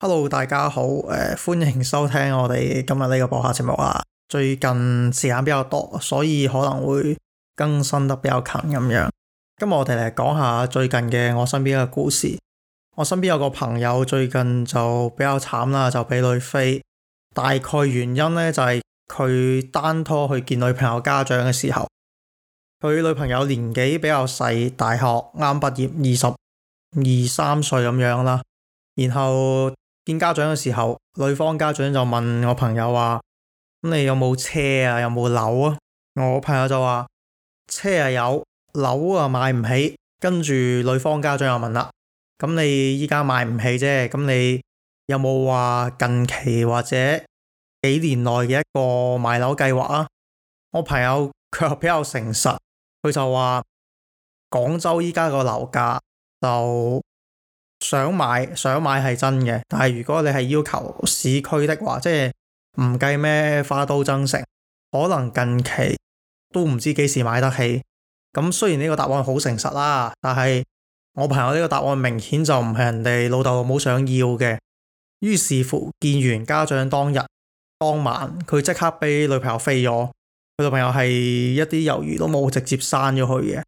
Hello，大家好，誒、uh,，歡迎收聽我哋今日呢個播客節目啊。最近時間比較多，所以可能會更新得比較勤咁樣。今日我哋嚟講下最近嘅我身邊嘅故事。我身邊有個朋友最近就比較慘啦，就俾女飛。大概原因咧，就係、是、佢單拖去見女朋友家長嘅時候，佢女朋友年紀比較細，大學啱畢業，二十二三歲咁樣啦，然後。見家長嘅時候，女方家長就問我朋友話：咁你有冇車啊？有冇樓啊？我朋友就話：車係有，樓啊買唔起。跟住女方家長又問啦：咁你依家買唔起啫，咁你有冇話近期或者幾年內嘅一個買樓計劃啊？我朋友卻比較誠實，佢就話：廣州依家個樓價就。想買想買係真嘅，但係如果你係要求市區的話，即係唔計咩花都增城，可能近期都唔知幾時買得起。咁雖然呢個答案好誠實啦，但係我朋友呢個答案明顯就唔係人哋老豆老母想要嘅。於是乎，見完家長當日當晚，佢即刻俾女朋友飛咗。佢女朋友係一啲猶豫都冇，直接刪咗佢嘅。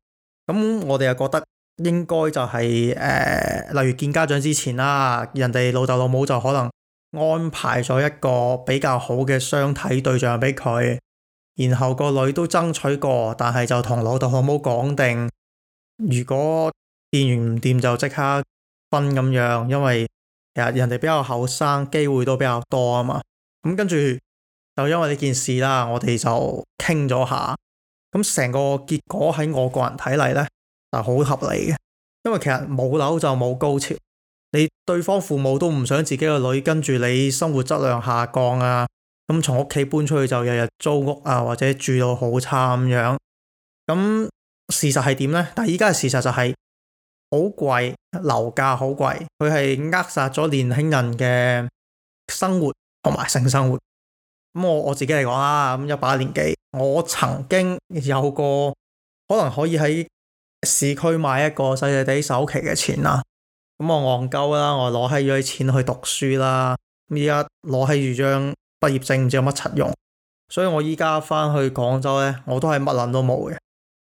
咁我哋又覺得。應該就係、是、誒、呃，例如見家長之前啦，人哋老豆老母就可能安排咗一個比較好嘅相睇對象俾佢，然後個女都爭取過，但係就同老豆老母講定，如果見完唔掂就即刻分咁樣，因為其實人哋比較後生，機會都比較多啊嘛。咁跟住就因為呢件事啦，我哋就傾咗下，咁成個結果喺我個人睇嚟呢。嗱，好合理嘅，因為其實冇樓就冇高潮，你對方父母都唔想自己個女跟住你生活質量下降啊，咁從屋企搬出去就日日租屋啊，或者住到好差咁樣，咁事實係點呢？但係依家事實就係好貴，樓價好貴，佢係扼殺咗年輕人嘅生活同埋性生活。咁我我自己嚟講啦，咁、啊、一把年紀，我曾經有個可能可以喺市區買一個細細地首期嘅錢啦，咁我戇鳩啦，我攞起咗啲錢去讀書啦，咁而家攞起住張畢業證，唔知有乜柒用，所以我依家翻去廣州咧，我都係乜捻都冇嘅，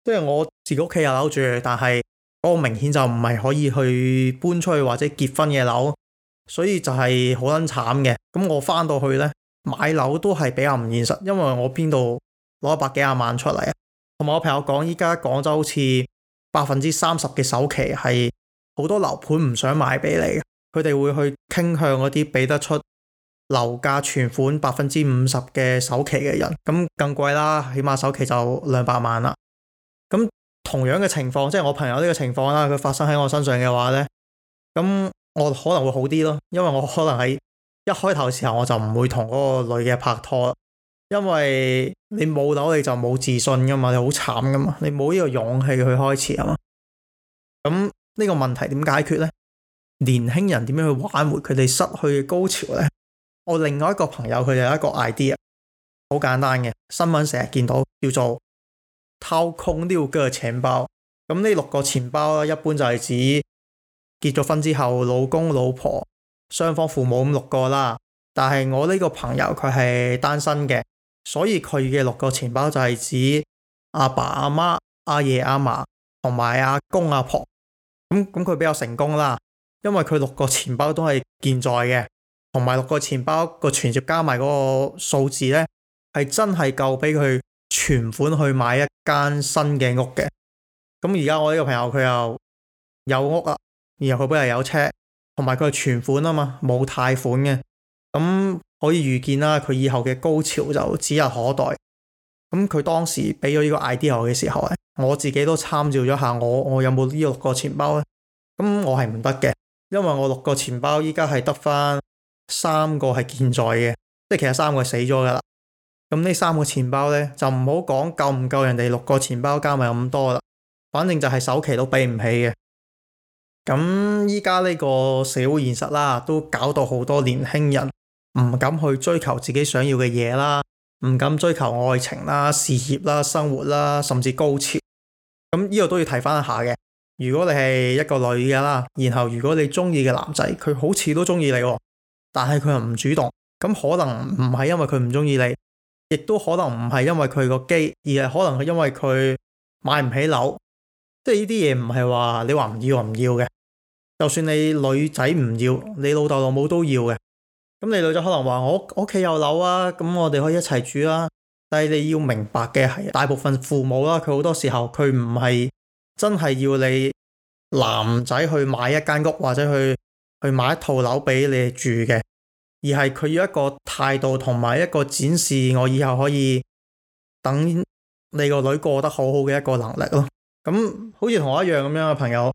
即係我自己屋企有樓住，但係我明顯就唔係可以去搬出去或者結婚嘅樓，所以就係好捻慘嘅。咁我翻到去咧，買樓都係比較唔現實，因為我邊度攞一百幾廿萬出嚟啊，同埋我朋友講，依家廣州好似。百分之三十嘅首期係好多樓盤唔想買俾你，佢哋會去傾向嗰啲俾得出樓價全款百分之五十嘅首期嘅人，咁更貴啦，起碼首期就兩百萬啦。咁同樣嘅情況，即係我朋友呢個情況啦，佢發生喺我身上嘅話咧，咁我可能會好啲咯，因為我可能喺一開頭嘅時候我就唔會同嗰個女嘅拍拖，因為。你冇樓你就冇自信噶嘛，你好慘噶嘛，你冇呢個勇氣去開始啊嘛。咁呢個問題點解決呢？年輕人點樣去挽回佢哋失去嘅高潮呢？我另外一個朋友佢有一個 idea，好簡單嘅，新聞成日見到叫做掏空呢個錢包。咁呢六個錢包啦，一般就係指結咗婚之後，老公、老婆、雙方父母咁六個啦。但係我呢個朋友佢係單身嘅。所以佢嘅六個錢包就係指阿爸、阿媽、阿爺、阿嫲、同埋阿公、阿婆咁。咁佢比較成功啦，因為佢六個錢包都係健在嘅，同埋六個錢包個存折加埋嗰個數字咧係真係夠俾佢存款去買一間新嘅屋嘅。咁而家我呢個朋友佢又有屋啦，然後佢本來有車，同埋佢係存款啊嘛，冇貸款嘅咁。可以預見啦，佢以後嘅高潮就指日可待。咁佢當時俾咗呢個 idea 嘅時候咧，我自己都參照咗下我，我我有冇呢六個錢包咧？咁我係唔得嘅，因為我六個錢包依家係得返三個係健在嘅，即係其實三個係死咗噶啦。咁呢三個錢包咧，就唔好講夠唔夠人哋六個錢包加埋咁多啦，反正就係首期都俾唔起嘅。咁依家呢個社會現實啦，都搞到好多年輕人。唔敢去追求自己想要嘅嘢啦，唔敢追求愛情啦、事業啦、生活啦，甚至高潮。咁呢個都要提翻一下嘅。如果你係一個女嘅啦，然後如果你中意嘅男仔，佢好似都中意你，但係佢又唔主動，咁可能唔係因為佢唔中意你，亦都可能唔係因為佢個機，而係可能係因為佢買唔起樓。即係呢啲嘢唔係話你話唔要唔要嘅，就算你女仔唔要，你老豆老母都要嘅。咁你女仔可能話我屋企有樓啊，咁我哋可以一齊住啦、啊。但係你要明白嘅係，大部分父母啦，佢好多時候佢唔係真係要你男仔去買一間屋或者去去買一套樓俾你住嘅，而係佢要一個態度同埋一個展示我以後可以等你個女過得好好嘅一個能力咯。咁好似同我一樣咁樣嘅朋友，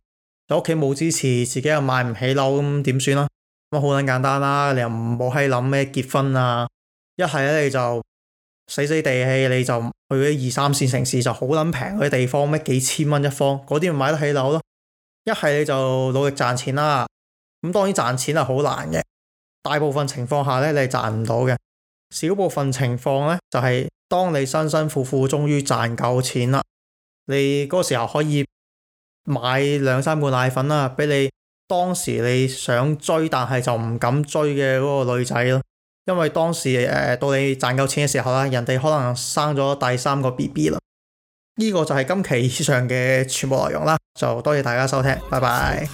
就屋企冇支持，自己又買唔起樓，咁點算啊？咁好捻簡單啦，你又唔好喺諗咩結婚啊，一係咧你就死死地氣，你就去啲二三線城市就好捻平嗰啲地方，咩幾千蚊一方，嗰啲咪買得起樓咯。一係你就努力賺錢啦。咁當然賺錢係好難嘅，大部分情況下咧你係賺唔到嘅，小部分情況咧就係當你辛辛苦苦終於賺夠錢啦，你嗰時候可以買兩三罐奶粉啦，俾你。當時你想追但係就唔敢追嘅嗰個女仔咯，因為當時誒到你賺夠錢嘅時候啦，人哋可能生咗第三個 BB 啦。呢個就係今期以上嘅全部內容啦，就多謝大家收聽，拜拜。